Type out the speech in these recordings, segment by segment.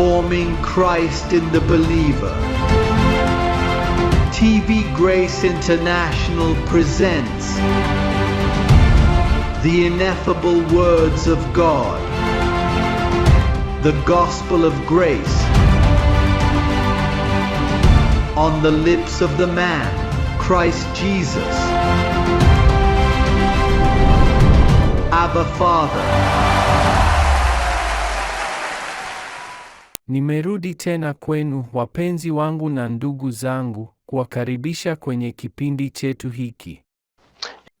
forming Christ in the believer. TV Grace International presents the ineffable words of God, the gospel of grace on the lips of the man, Christ Jesus. Abba Father. Nimerudi tena kwenu wapenzi wangu na ndugu zangu, kuwakaribisha kwenye kipindi chetu hiki.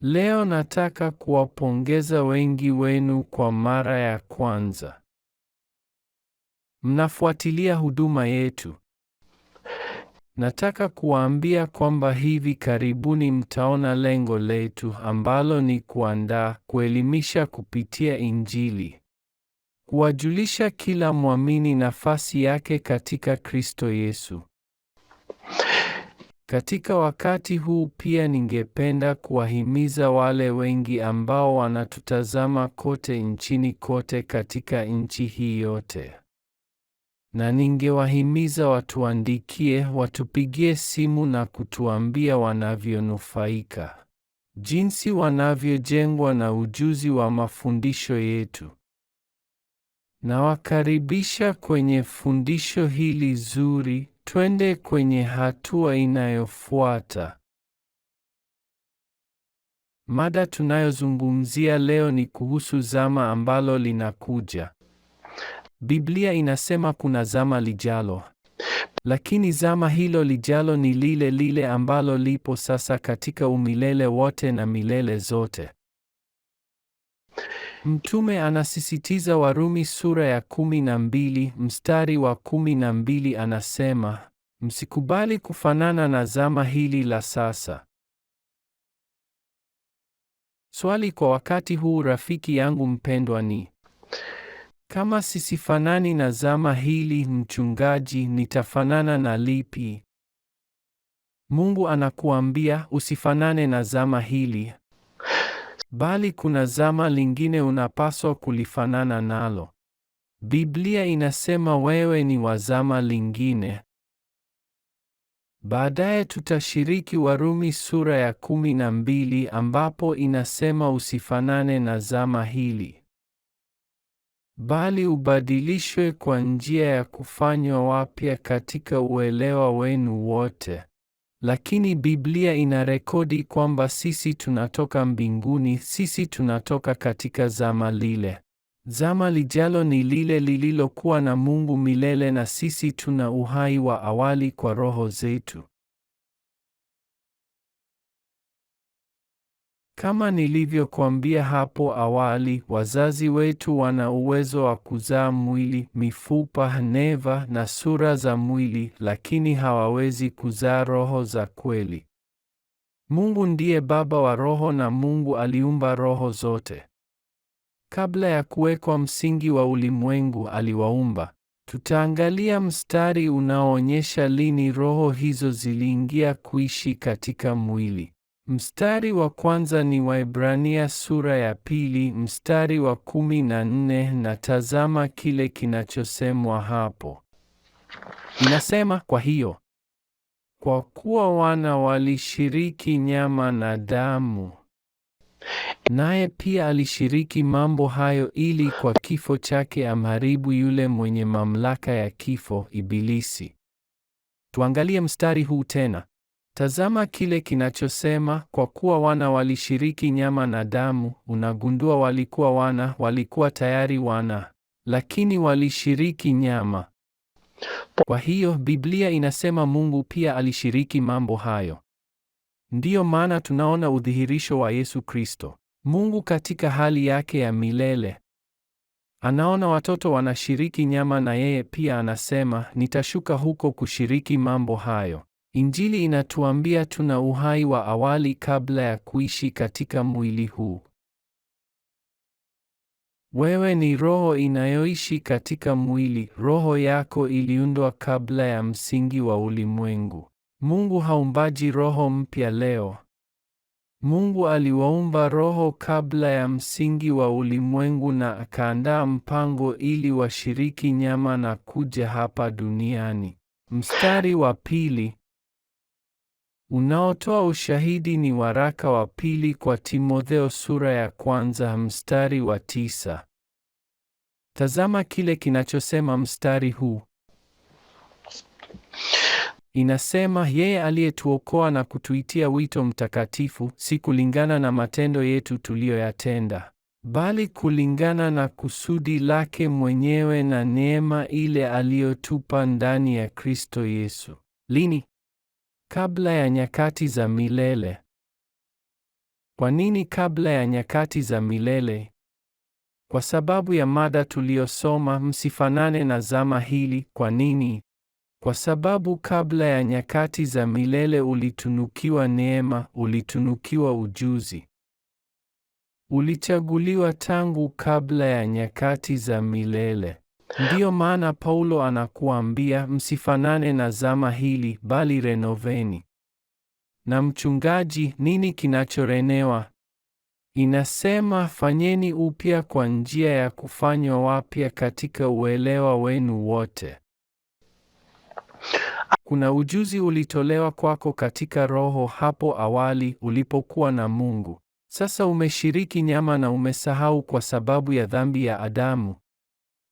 Leo nataka kuwapongeza wengi wenu kwa mara ya kwanza. Mnafuatilia huduma yetu. Nataka kuwaambia kwamba hivi karibuni mtaona lengo letu ambalo ni kuandaa, kuelimisha kupitia Injili kuwajulisha kila mwamini nafasi yake katika Kristo Yesu. Katika wakati huu pia ningependa kuwahimiza wale wengi ambao wanatutazama kote nchini kote katika nchi hii yote. Na ningewahimiza watuandikie, watupigie simu na kutuambia wanavyonufaika, jinsi wanavyojengwa na ujuzi wa mafundisho yetu. Nawakaribisha kwenye fundisho hili zuri. Twende kwenye hatua inayofuata. Mada tunayozungumzia leo ni kuhusu zama ambalo linakuja. Biblia inasema kuna zama lijalo. Lakini zama hilo lijalo ni lile lile ambalo lipo sasa katika umilele wote na milele zote. Mtume anasisitiza Warumi sura ya kumi na mbili mstari wa kumi na mbili anasema, msikubali kufanana na zama hili la sasa. Swali kwa wakati huu, rafiki yangu mpendwa, ni kama sisifanani na zama hili, mchungaji, nitafanana na lipi? Mungu anakuambia usifanane na zama hili bali kuna zama lingine unapaswa kulifanana nalo. Biblia inasema wewe ni wa zama lingine. Baadaye tutashiriki Warumi sura ya kumi na mbili ambapo inasema usifanane na zama hili, bali ubadilishwe kwa njia ya kufanywa wapya katika uelewa wenu wote. Lakini Biblia inarekodi kwamba sisi tunatoka mbinguni, sisi tunatoka katika zama lile. Zama lijalo ni lile lililokuwa na Mungu milele na sisi tuna uhai wa awali kwa roho zetu. Kama nilivyokuambia hapo awali, wazazi wetu wana uwezo wa kuzaa mwili, mifupa, neva na sura za mwili, lakini hawawezi kuzaa roho za kweli. Mungu ndiye Baba wa roho na Mungu aliumba roho zote. Kabla ya kuwekwa msingi wa ulimwengu aliwaumba. Tutaangalia mstari unaoonyesha lini roho hizo ziliingia kuishi katika mwili. Mstari wa kwanza ni Waebrania sura ya pili mstari wa kumi na nne na tazama kile kinachosemwa hapo. Inasema kwa hiyo, kwa kuwa wana walishiriki nyama na damu, naye pia alishiriki mambo hayo ili kwa kifo chake amharibu yule mwenye mamlaka ya kifo, Ibilisi. Tuangalie mstari huu tena. Tazama kile kinachosema, kwa kuwa wana walishiriki nyama na damu. Unagundua walikuwa wana, walikuwa tayari wana, lakini walishiriki nyama. Kwa hiyo Biblia inasema Mungu pia alishiriki mambo hayo. Ndiyo maana tunaona udhihirisho wa Yesu Kristo. Mungu katika hali yake ya milele anaona watoto wanashiriki nyama, na yeye pia anasema nitashuka huko kushiriki mambo hayo. Injili inatuambia tuna uhai wa awali kabla ya kuishi katika mwili huu. Wewe ni roho inayoishi katika mwili, roho yako iliundwa kabla ya msingi wa ulimwengu. Mungu haumbaji roho mpya leo. Mungu aliwaumba roho kabla ya msingi wa ulimwengu na akaandaa mpango ili washiriki nyama na kuja hapa duniani. Mstari wa pili, unaotoa ushahidi ni waraka wa pili kwa Timotheo sura ya kwanza mstari wa tisa. Tazama kile kinachosema mstari huu. Inasema, yeye aliyetuokoa na kutuitia wito mtakatifu, si kulingana na matendo yetu tuliyoyatenda, bali kulingana na kusudi lake mwenyewe na neema ile aliyotupa ndani ya Kristo Yesu. Lini? Kabla ya nyakati za milele. Kwa nini kabla ya nyakati za milele? Kwa sababu ya mada tuliyosoma, msifanane na zama hili. Kwa nini? Kwa sababu kabla ya nyakati za milele ulitunukiwa neema, ulitunukiwa ujuzi, ulichaguliwa tangu kabla ya nyakati za milele. Ndiyo maana Paulo anakuambia msifanane na zama hili, bali renoveni. Na mchungaji, nini kinachorenewa? Inasema fanyeni upya kwa njia ya kufanywa wapya katika uelewa wenu wote. Kuna ujuzi ulitolewa kwako katika roho hapo awali ulipokuwa na Mungu. Sasa umeshiriki nyama na umesahau kwa sababu ya dhambi ya Adamu.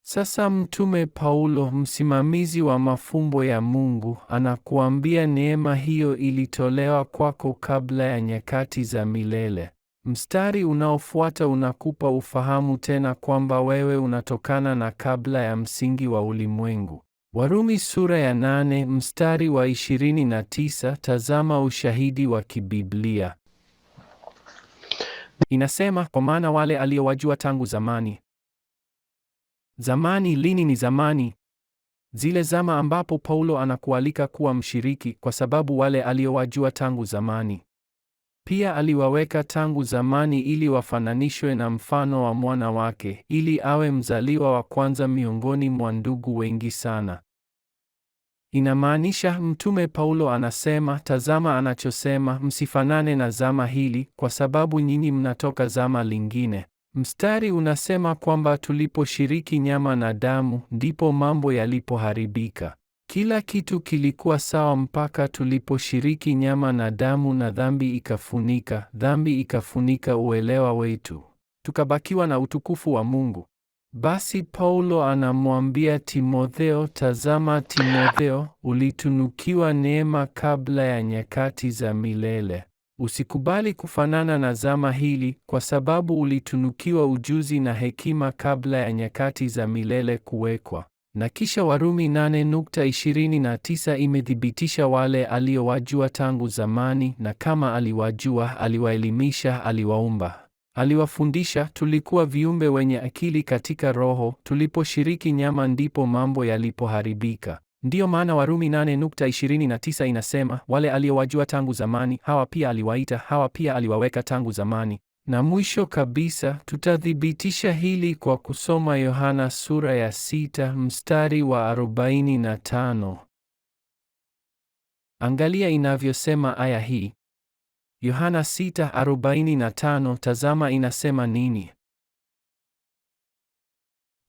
Sasa mtume Paulo, msimamizi wa mafumbo ya Mungu, anakuambia neema hiyo ilitolewa kwako kabla ya nyakati za milele. Mstari unaofuata unakupa ufahamu tena kwamba wewe unatokana na kabla ya msingi wa ulimwengu. Warumi sura ya nane mstari wa 29, tazama ushahidi wa kibiblia. Inasema, kwa maana wale aliowajua tangu zamani Zamani lini ni zamani? Zile zama ambapo Paulo anakualika kuwa mshiriki kwa sababu wale aliowajua tangu zamani. Pia aliwaweka tangu zamani ili wafananishwe na mfano wa mwana wake ili awe mzaliwa wa kwanza miongoni mwa ndugu wengi sana. Inamaanisha mtume Paulo anasema, tazama anachosema, msifanane na zama hili kwa sababu nyinyi mnatoka zama lingine. Mstari unasema kwamba tuliposhiriki nyama na damu, ndipo mambo yalipoharibika. Kila kitu kilikuwa sawa mpaka tuliposhiriki nyama na damu, na dhambi ikafunika, dhambi ikafunika uelewa wetu, tukabakiwa na utukufu wa Mungu. Basi Paulo anamwambia Timotheo, tazama Timotheo, ulitunukiwa neema kabla ya nyakati za milele Usikubali kufanana na zama hili, kwa sababu ulitunukiwa ujuzi na hekima kabla ya nyakati za milele kuwekwa. Na kisha Warumi 8:29 imethibitisha wale aliowajua tangu zamani, na kama aliwajua, aliwaelimisha, aliwaumba, aliwafundisha. Tulikuwa viumbe wenye akili katika Roho; tuliposhiriki nyama ndipo mambo yalipoharibika. Ndiyo maana Warumi 8:29 inasema, wale aliowajua tangu zamani, hawa pia aliwaita, hawa pia aliwaweka tangu zamani. Na mwisho kabisa tutathibitisha hili kwa kusoma Yohana sura ya sita mstari wa 45. Angalia inavyosema aya hii. Yohana 6:45, tazama inasema nini?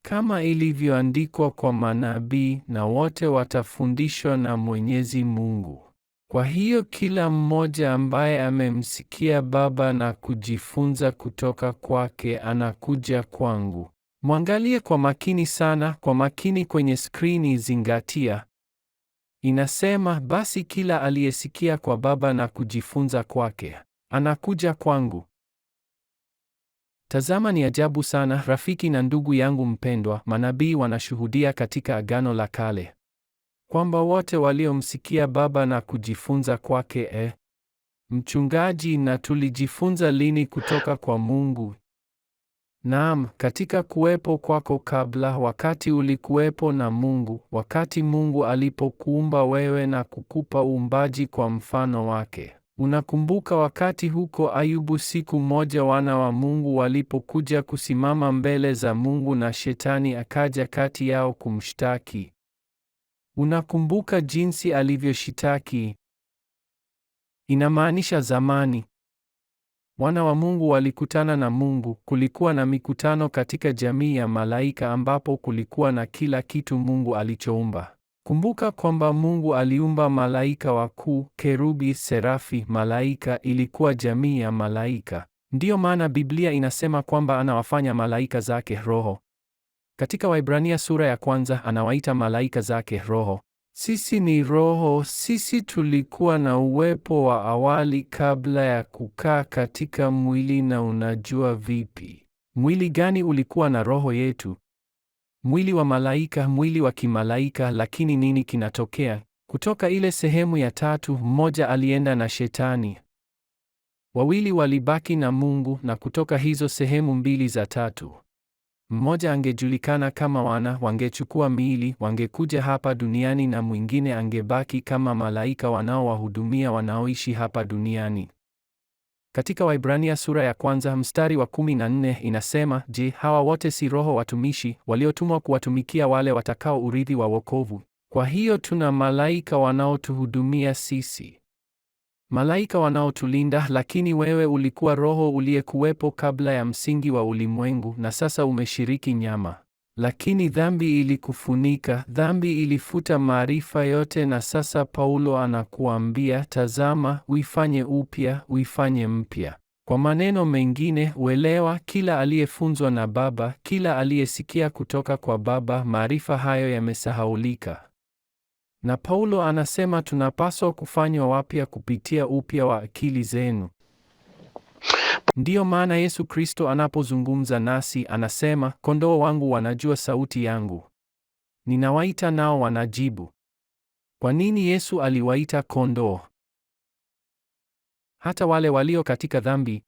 kama ilivyoandikwa kwa manabii, na wote watafundishwa na Mwenyezi Mungu. Kwa hiyo kila mmoja ambaye amemsikia Baba na kujifunza kutoka kwake anakuja kwangu. Mwangalie kwa makini sana, kwa makini kwenye skrini, zingatia. Inasema, basi kila aliyesikia kwa Baba na kujifunza kwake anakuja kwangu. Tazama, ni ajabu sana, rafiki na ndugu yangu mpendwa, manabii wanashuhudia katika Agano la Kale kwamba wote waliomsikia Baba na kujifunza kwake, e mchungaji, na tulijifunza lini kutoka kwa Mungu? Naam, katika kuwepo kwako kabla, wakati ulikuwepo na Mungu, wakati Mungu alipokuumba wewe na kukupa uumbaji kwa mfano wake. Unakumbuka wakati huko Ayubu, siku moja wana wa Mungu walipokuja kusimama mbele za Mungu na shetani akaja kati yao kumshtaki. Unakumbuka jinsi alivyoshitaki? Inamaanisha zamani wana wa Mungu walikutana na Mungu. Kulikuwa na mikutano katika jamii ya malaika ambapo kulikuwa na kila kitu Mungu alichoumba. Kumbuka kwamba Mungu aliumba malaika wakuu, kerubi, serafi, malaika ilikuwa jamii ya malaika. Ndiyo maana Biblia inasema kwamba anawafanya malaika zake roho. Katika Waibrania sura ya kwanza anawaita malaika zake roho. Sisi ni roho, sisi tulikuwa na uwepo wa awali kabla ya kukaa katika mwili na unajua vipi? Mwili gani ulikuwa na roho yetu? Mwili wa malaika, mwili wa kimalaika. Lakini nini kinatokea kutoka ile sehemu ya tatu? Mmoja alienda na Shetani, wawili walibaki na Mungu, na kutoka hizo sehemu mbili za tatu, mmoja angejulikana kama wana, wangechukua miili, wangekuja hapa duniani, na mwingine angebaki kama malaika wanaowahudumia wanaoishi hapa duniani. Katika Waibrania sura ya kwanza mstari wa kumi na nne inasema, Je, hawa wote si roho watumishi waliotumwa kuwatumikia wale watakao urithi wa wokovu? Kwa hiyo tuna malaika wanaotuhudumia sisi, malaika wanaotulinda. Lakini wewe ulikuwa roho uliyekuwepo kabla ya msingi wa ulimwengu, na sasa umeshiriki nyama lakini dhambi ilikufunika, dhambi ilifuta maarifa yote. Na sasa Paulo anakuambia tazama, uifanye upya, uifanye mpya. Kwa maneno mengine, uelewa kila aliyefunzwa na Baba, kila aliyesikia kutoka kwa Baba. Maarifa hayo yamesahaulika, na Paulo anasema tunapaswa kufanywa wapya kupitia upya wa akili zenu. Ndiyo maana Yesu Kristo anapozungumza nasi anasema, kondoo wangu wanajua sauti yangu, ninawaita nao wanajibu. Kwa nini Yesu aliwaita kondoo? Hata wale walio katika dhambi.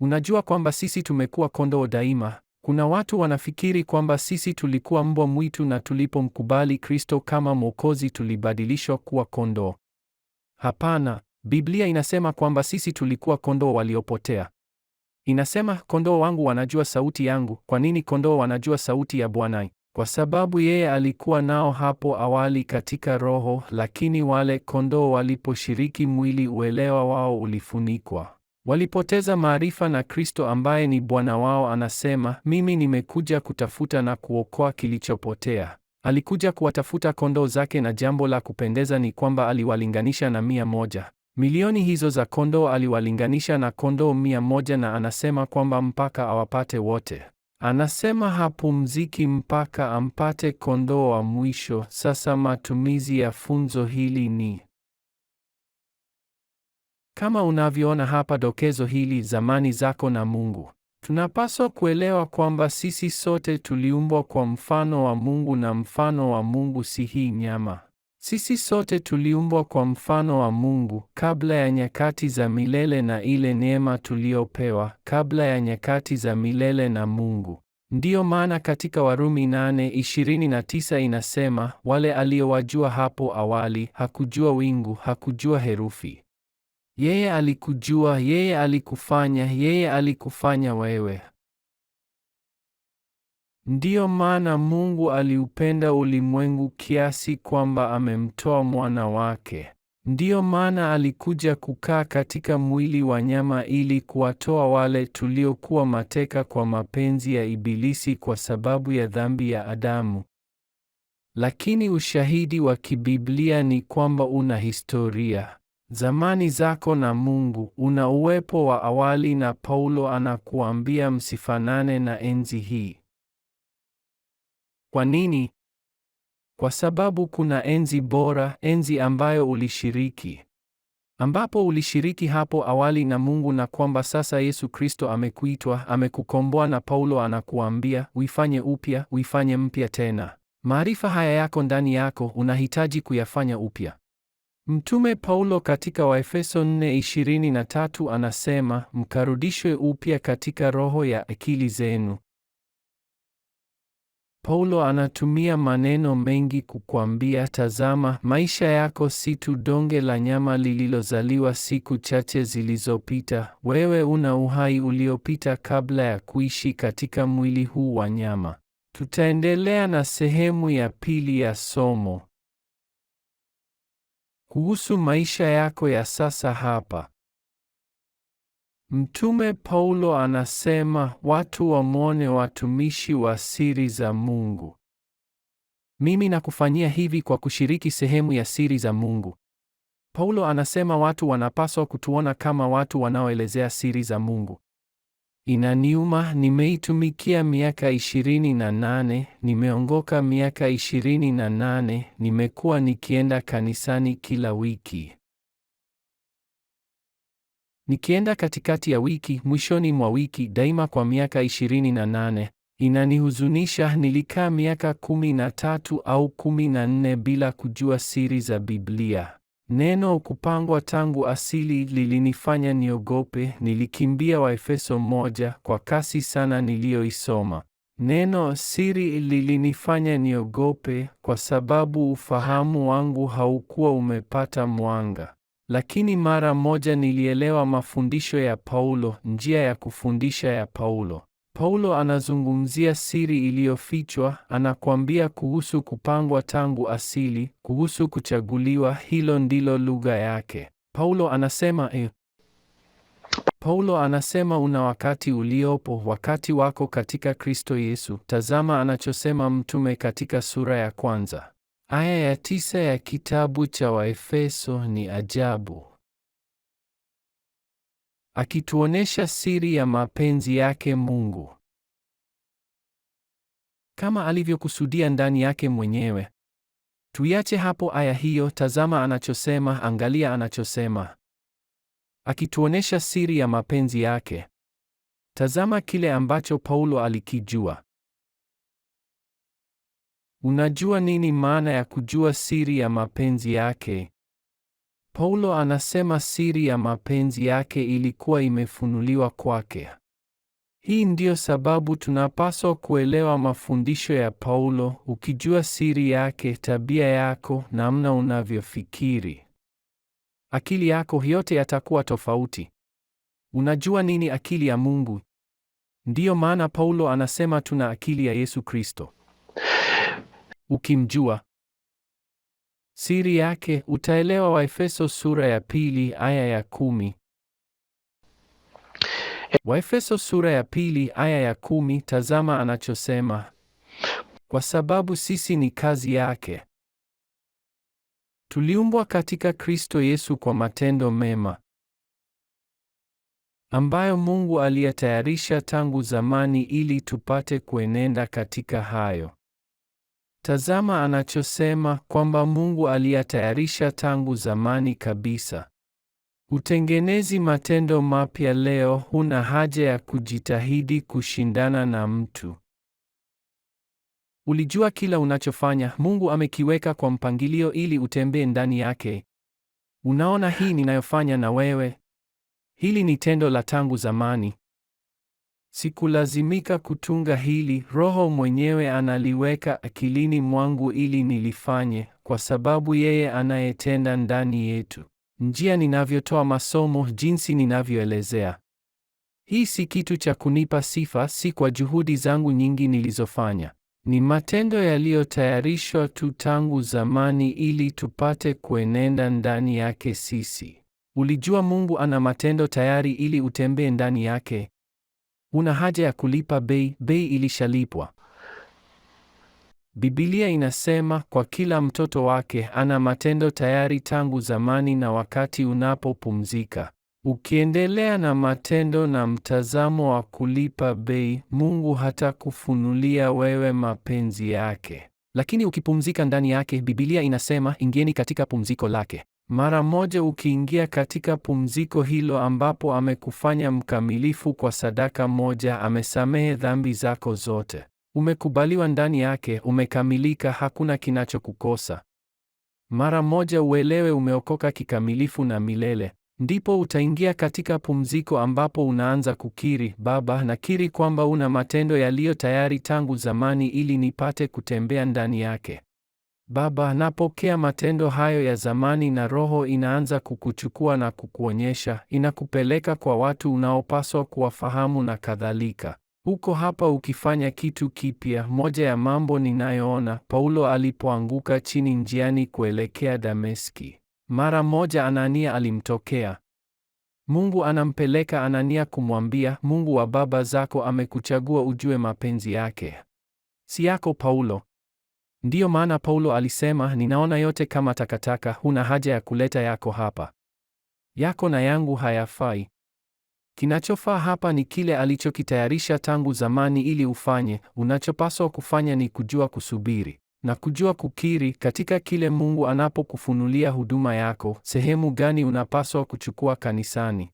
Unajua kwamba sisi tumekuwa kondoo daima. Kuna watu wanafikiri kwamba sisi tulikuwa mbwa mwitu na tulipomkubali Kristo kama Mwokozi tulibadilishwa kuwa kondoo. Hapana, Biblia inasema kwamba sisi tulikuwa kondoo waliopotea. Inasema, kondoo wangu wanajua sauti yangu. Kwa nini kondoo wanajua sauti ya Bwana? Kwa sababu yeye alikuwa nao hapo awali katika roho, lakini wale kondoo waliposhiriki mwili, uelewa wao ulifunikwa. Walipoteza maarifa na Kristo ambaye ni Bwana wao anasema, mimi nimekuja kutafuta na kuokoa kilichopotea. Alikuja kuwatafuta kondoo zake, na jambo la kupendeza ni kwamba aliwalinganisha na mia moja. Milioni hizo za kondoo aliwalinganisha na kondoo mia moja na anasema kwamba mpaka awapate wote. Anasema hapumziki mpaka ampate kondoo wa mwisho. Sasa matumizi ya funzo hili ni kama unavyoona hapa dokezo hili, zamani zako na Mungu. Tunapaswa kuelewa kwamba sisi sote tuliumbwa kwa mfano wa Mungu na mfano wa Mungu si hii nyama. Sisi sote tuliumbwa kwa mfano wa Mungu kabla ya nyakati za milele na ile neema tuliyopewa kabla ya nyakati za milele na Mungu. Ndiyo maana katika Warumi 8:29 inasema, wale aliyowajua hapo awali hakujua wingu, hakujua herufi. Yeye alikujua, yeye alikufanya, yeye alikufanya wewe. Ndiyo maana Mungu aliupenda ulimwengu kiasi kwamba amemtoa mwana wake. Ndiyo maana alikuja kukaa katika mwili wa nyama ili kuwatoa wale tuliokuwa mateka kwa mapenzi ya Ibilisi kwa sababu ya dhambi ya Adamu. Lakini ushahidi wa kibiblia ni kwamba una historia, zamani zako na Mungu, una uwepo wa awali na Paulo anakuambia msifanane na enzi hii. Kwa nini? Kwa sababu kuna enzi bora, enzi ambayo ulishiriki, ambapo ulishiriki hapo awali na Mungu, na kwamba sasa Yesu Kristo amekuitwa, amekukomboa, na Paulo anakuambia uifanye upya, uifanye mpya tena. Maarifa haya yako ndani yako, unahitaji kuyafanya upya. Mtume Paulo katika Waefeso 4:23 anasema mkarudishwe upya katika roho ya akili zenu Paulo anatumia maneno mengi kukwambia tazama, maisha yako si tu donge la nyama lililozaliwa siku chache zilizopita. Wewe una uhai uliopita kabla ya kuishi katika mwili huu wa nyama. Tutaendelea na sehemu ya pili ya somo kuhusu maisha yako ya sasa hapa. Mtume Paulo anasema watu wamwone watumishi wa siri za Mungu. Mimi nakufanyia hivi kwa kushiriki sehemu ya siri za Mungu. Paulo anasema watu wanapaswa kutuona kama watu wanaoelezea siri za Mungu. Inaniuma, nimeitumikia miaka ishirini na nane, nimeongoka miaka ishirini na nane, nimekuwa nikienda kanisani kila wiki, Nikienda katikati ya wiki, mwishoni mwa wiki, daima kwa miaka 28, inanihuzunisha nilikaa miaka 13 au 14 bila kujua siri za Biblia. Neno kupangwa tangu asili lilinifanya niogope, nilikimbia Waefeso moja kwa kasi sana niliyoisoma. Neno siri lilinifanya niogope kwa sababu ufahamu wangu haukuwa umepata mwanga. Lakini mara moja nilielewa mafundisho ya Paulo, njia ya kufundisha ya Paulo. Paulo anazungumzia siri iliyofichwa, anakuambia kuhusu kupangwa tangu asili, kuhusu kuchaguliwa. Hilo ndilo lugha yake. Paulo anasema eh, Paulo anasema una wakati uliopo, wakati wako katika Kristo Yesu. Tazama anachosema mtume katika sura ya kwanza. Aya ya tisa ya kitabu cha Waefeso ni ajabu. Akituonesha siri ya mapenzi yake Mungu kama alivyokusudia ndani yake mwenyewe. Tuiache hapo aya hiyo, tazama anachosema, angalia anachosema. Akituonesha siri ya mapenzi yake. Tazama kile ambacho Paulo alikijua. Unajua nini maana ya kujua siri ya mapenzi yake? Paulo anasema siri ya mapenzi yake ilikuwa imefunuliwa kwake. Hii ndiyo sababu tunapaswa kuelewa mafundisho ya Paulo. Ukijua siri yake, tabia yako, namna unavyofikiri, akili yako, yote yatakuwa tofauti. Unajua nini akili ya Mungu? Ndiyo maana Paulo anasema tuna akili ya Yesu Kristo ukimjua siri yake utaelewa Waefeso sura ya pili aya ya kumi. Waefeso sura ya pili aya ya kumi, tazama anachosema: kwa sababu sisi ni kazi yake, tuliumbwa katika Kristo Yesu kwa matendo mema ambayo Mungu aliyatayarisha tangu zamani ili tupate kuenenda katika hayo. Tazama anachosema kwamba Mungu aliyatayarisha tangu zamani kabisa. Utengenezi matendo mapya leo, huna haja ya kujitahidi kushindana na mtu. Ulijua kila unachofanya, Mungu amekiweka kwa mpangilio ili utembee ndani yake. Unaona hii ninayofanya na wewe? Hili ni tendo la tangu zamani. Sikulazimika kutunga hili, Roho mwenyewe analiweka akilini mwangu ili nilifanye, kwa sababu yeye anayetenda ndani yetu. Njia ninavyotoa masomo, jinsi ninavyoelezea hii si kitu cha kunipa sifa, si kwa juhudi zangu nyingi nilizofanya. Ni matendo yaliyotayarishwa tu tangu zamani ili tupate kuenenda ndani yake sisi. Ulijua Mungu ana matendo tayari ili utembee ndani yake? Una haja ya kulipa bei, bei ilishalipwa. Biblia inasema kwa kila mtoto wake ana matendo tayari tangu zamani na wakati unapopumzika. Ukiendelea na matendo na mtazamo wa kulipa bei, Mungu hatakufunulia wewe mapenzi yake. Lakini ukipumzika ndani yake, Biblia inasema ingieni katika pumziko lake. Mara moja ukiingia katika pumziko hilo ambapo amekufanya mkamilifu kwa sadaka moja, amesamehe dhambi zako zote. Umekubaliwa ndani yake, umekamilika, hakuna kinachokukosa. Mara moja uelewe umeokoka kikamilifu na milele. Ndipo utaingia katika pumziko ambapo unaanza kukiri, Baba, nakiri kwamba una matendo yaliyo tayari tangu zamani ili nipate kutembea ndani yake. Baba napokea matendo hayo ya zamani na Roho inaanza kukuchukua na kukuonyesha, inakupeleka kwa watu unaopaswa kuwafahamu na kadhalika. Uko hapa ukifanya kitu kipya. Moja ya mambo ninayoona, Paulo alipoanguka chini njiani kuelekea Dameski, mara moja Anania alimtokea. Mungu anampeleka Anania kumwambia, Mungu wa baba zako amekuchagua ujue mapenzi yake, si yako Paulo. Ndiyo maana Paulo alisema, ninaona yote kama takataka, huna haja ya kuleta yako hapa. Yako na yangu hayafai. Kinachofaa hapa ni kile alichokitayarisha tangu zamani ili ufanye. Unachopaswa kufanya ni kujua kusubiri na kujua kukiri katika kile Mungu anapokufunulia huduma yako, sehemu gani unapaswa kuchukua kanisani.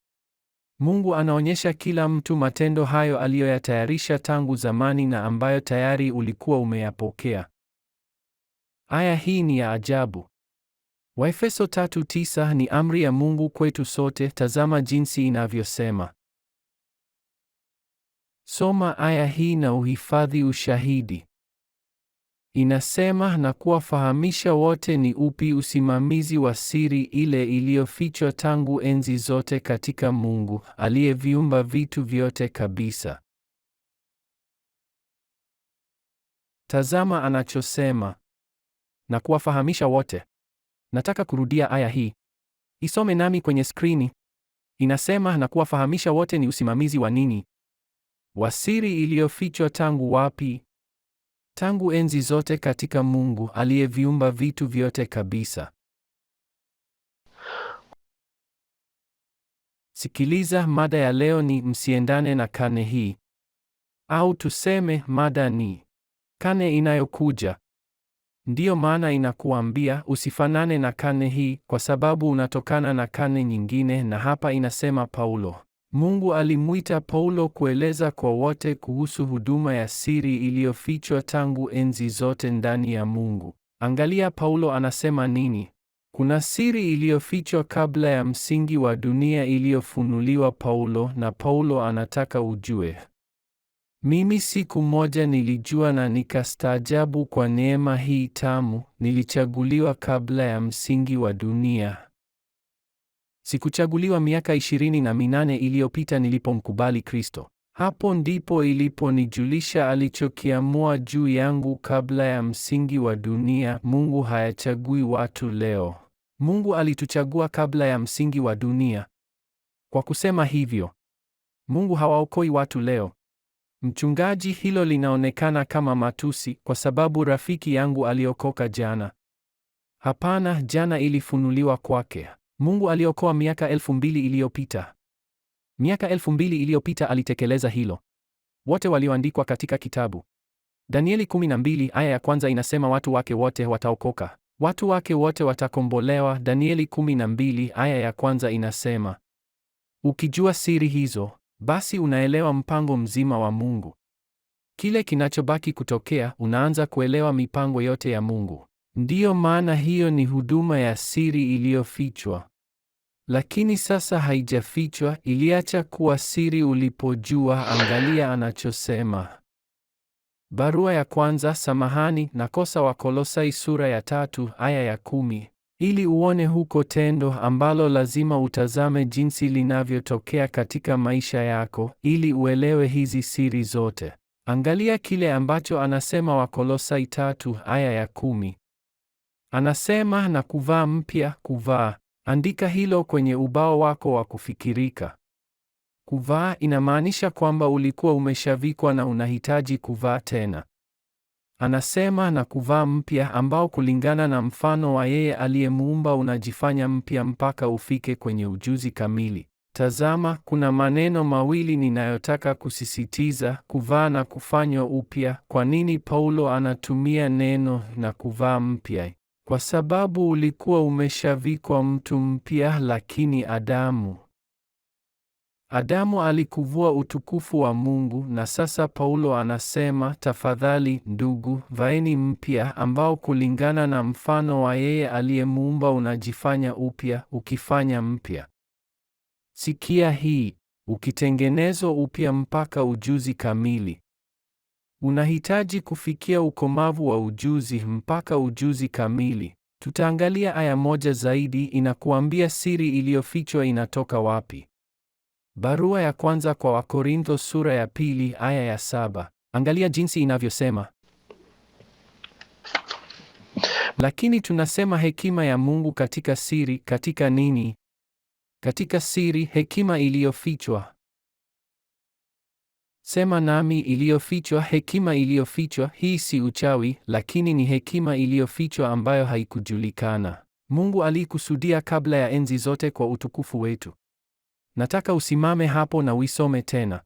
Mungu anaonyesha kila mtu matendo hayo aliyoyatayarisha tangu zamani na ambayo tayari ulikuwa umeyapokea. Aya hii ni ya ajabu. Waefeso 3:9 ni amri ya Mungu kwetu sote. Tazama jinsi inavyosema. Soma aya hii na uhifadhi ushahidi. Inasema, na kuwafahamisha wote ni upi usimamizi wa siri ile iliyofichwa tangu enzi zote katika Mungu aliyeviumba vitu vyote kabisa. Tazama anachosema na kuwafahamisha wote. Nataka kurudia aya hii, isome nami kwenye skrini. Inasema na kuwafahamisha wote ni usimamizi wa nini? Wa siri iliyofichwa tangu wapi? Tangu enzi zote katika Mungu aliyeviumba vitu vyote kabisa. Sikiliza, mada ya leo ni msiendane na kane hii, au tuseme mada ni kane inayokuja. Ndiyo maana inakuambia usifanane na kane hii, kwa sababu unatokana na kane nyingine. Na hapa inasema Paulo, Mungu alimwita Paulo kueleza kwa wote kuhusu huduma ya siri iliyofichwa tangu enzi zote ndani ya Mungu. Angalia Paulo anasema nini? Kuna siri iliyofichwa kabla ya msingi wa dunia iliyofunuliwa Paulo, na Paulo anataka ujue. Mimi siku moja nilijua na nikastaajabu kwa neema hii tamu, nilichaguliwa kabla ya msingi wa dunia. Sikuchaguliwa miaka ishirini na minane iliyopita nilipomkubali Kristo. Hapo ndipo iliponijulisha alichokiamua juu yangu kabla ya msingi wa dunia. Mungu hayachagui watu leo. Mungu alituchagua kabla ya msingi wa dunia. Kwa kusema hivyo, Mungu hawaokoi watu leo. Mchungaji, hilo linaonekana kama matusi kwa sababu rafiki yangu aliokoka jana. Hapana, jana ilifunuliwa kwake. Mungu aliokoa miaka elfu mbili iliyopita. Miaka elfu mbili iliyopita alitekeleza hilo. Wote walioandikwa katika kitabu Danieli 12 aya ya kwanza inasema watu wake wote wataokoka, watu wake wote watakombolewa. Danieli 12 aya ya kwanza inasema ukijua siri hizo basi unaelewa mpango mzima wa Mungu. Kile kinachobaki kutokea, unaanza kuelewa mipango yote ya Mungu. Ndiyo maana hiyo ni huduma ya siri iliyofichwa, lakini sasa haijafichwa, iliacha kuwa siri ulipojua. Angalia anachosema barua ya kwanza, samahani nakosa, Wakolosai sura ya tatu aya ya kumi ili uone huko tendo ambalo lazima utazame jinsi linavyotokea katika maisha yako ili uelewe hizi siri zote. Angalia kile ambacho anasema Wakolosai tatu aya ya kumi. Anasema na kuvaa mpya, kuvaa. Andika hilo kwenye ubao wako wa kufikirika. Kuvaa inamaanisha kwamba ulikuwa umeshavikwa na unahitaji kuvaa tena anasema na kuvaa mpya, ambao kulingana na mfano wa yeye aliyemuumba unajifanya mpya mpaka ufike kwenye ujuzi kamili. Tazama, kuna maneno mawili ninayotaka kusisitiza: kuvaa na kufanywa upya. Kwa nini Paulo anatumia neno na kuvaa mpya? Kwa sababu ulikuwa umeshavikwa mtu mpya, lakini Adamu Adamu alikuvua utukufu wa Mungu na sasa Paulo anasema, tafadhali ndugu, vaeni mpya ambao kulingana na mfano wa yeye aliyemuumba unajifanya upya, ukifanya mpya. Sikia hii, ukitengenezwa upya mpaka ujuzi kamili. Unahitaji kufikia ukomavu wa ujuzi mpaka ujuzi kamili. Tutaangalia aya moja zaidi inakuambia siri iliyofichwa inatoka wapi. Barua ya kwanza kwa Wakorintho sura ya pili aya ya saba. Angalia jinsi inavyosema. Lakini tunasema hekima ya Mungu katika siri, katika nini? Katika siri, hekima iliyofichwa. Sema nami, iliyofichwa, hekima iliyofichwa. Hii si uchawi, lakini ni hekima iliyofichwa ambayo haikujulikana. Mungu alikusudia kabla ya enzi zote kwa utukufu wetu. Nataka usimame hapo na uisome tena.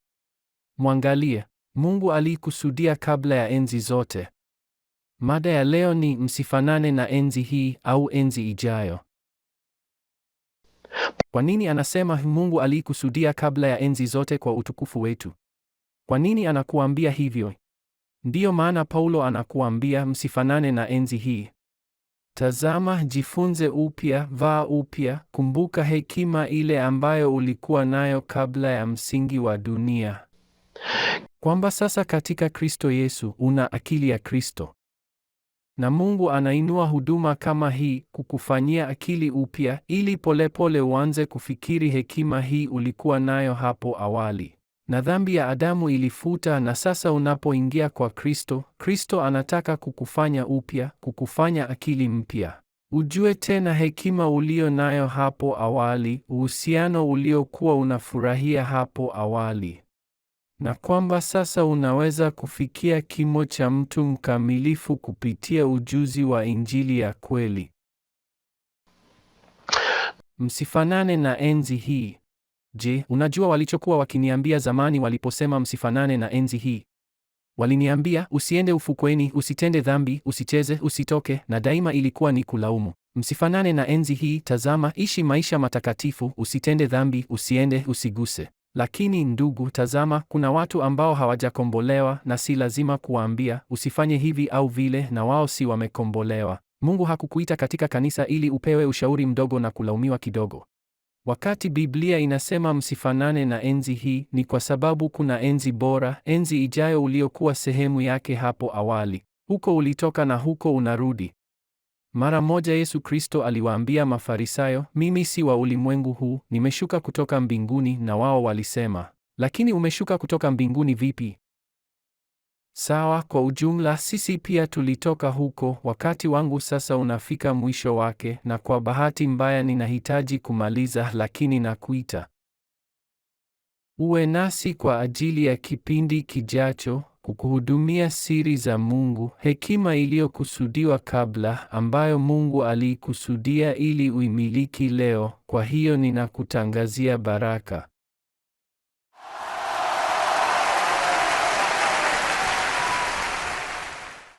Mwangalie, Mungu alikusudia kabla ya enzi zote. Mada ya leo ni msifanane na enzi hii au enzi ijayo. Kwa nini anasema Mungu alikusudia kabla ya enzi zote kwa utukufu wetu? Kwa nini anakuambia hivyo? Ndiyo maana Paulo anakuambia msifanane na enzi hii. Tazama, jifunze upya, vaa upya, kumbuka hekima ile ambayo ulikuwa nayo kabla ya msingi wa dunia. Kwamba sasa katika Kristo Yesu una akili ya Kristo. Na Mungu anainua huduma kama hii kukufanyia akili upya ili polepole uanze kufikiri hekima hii ulikuwa nayo hapo awali na dhambi ya Adamu ilifuta, na sasa unapoingia kwa Kristo, Kristo anataka kukufanya upya, kukufanya akili mpya. Ujue tena hekima ulio nayo hapo awali, uhusiano uliokuwa unafurahia hapo awali. Na kwamba sasa unaweza kufikia kimo cha mtu mkamilifu kupitia ujuzi wa Injili ya kweli. Msifanane na enzi hii. Je, unajua walichokuwa wakiniambia zamani waliposema msifanane na enzi hii? Waliniambia usiende ufukweni, usitende dhambi, usicheze, usitoke, na daima ilikuwa ni kulaumu. Msifanane na enzi hii, tazama, ishi maisha matakatifu, usitende dhambi, usiende, usiguse. Lakini ndugu, tazama, kuna watu ambao hawajakombolewa na si lazima kuwaambia usifanye hivi au vile, na wao si wamekombolewa. Mungu hakukuita katika kanisa ili upewe ushauri mdogo na kulaumiwa kidogo. Wakati Biblia inasema msifanane na enzi hii, ni kwa sababu kuna enzi bora, enzi ijayo uliokuwa sehemu yake hapo awali. Huko ulitoka na huko unarudi. Mara moja Yesu Kristo aliwaambia Mafarisayo, mimi si wa ulimwengu huu, nimeshuka kutoka mbinguni. Na wao walisema, lakini umeshuka kutoka mbinguni vipi? Sawa, kwa ujumla sisi pia tulitoka huko. Wakati wangu sasa unafika mwisho wake, na kwa bahati mbaya ninahitaji kumaliza, lakini nakuita uwe nasi kwa ajili ya kipindi kijacho kukuhudumia siri za Mungu, hekima iliyokusudiwa kabla, ambayo Mungu aliikusudia ili uimiliki leo. Kwa hiyo ninakutangazia baraka.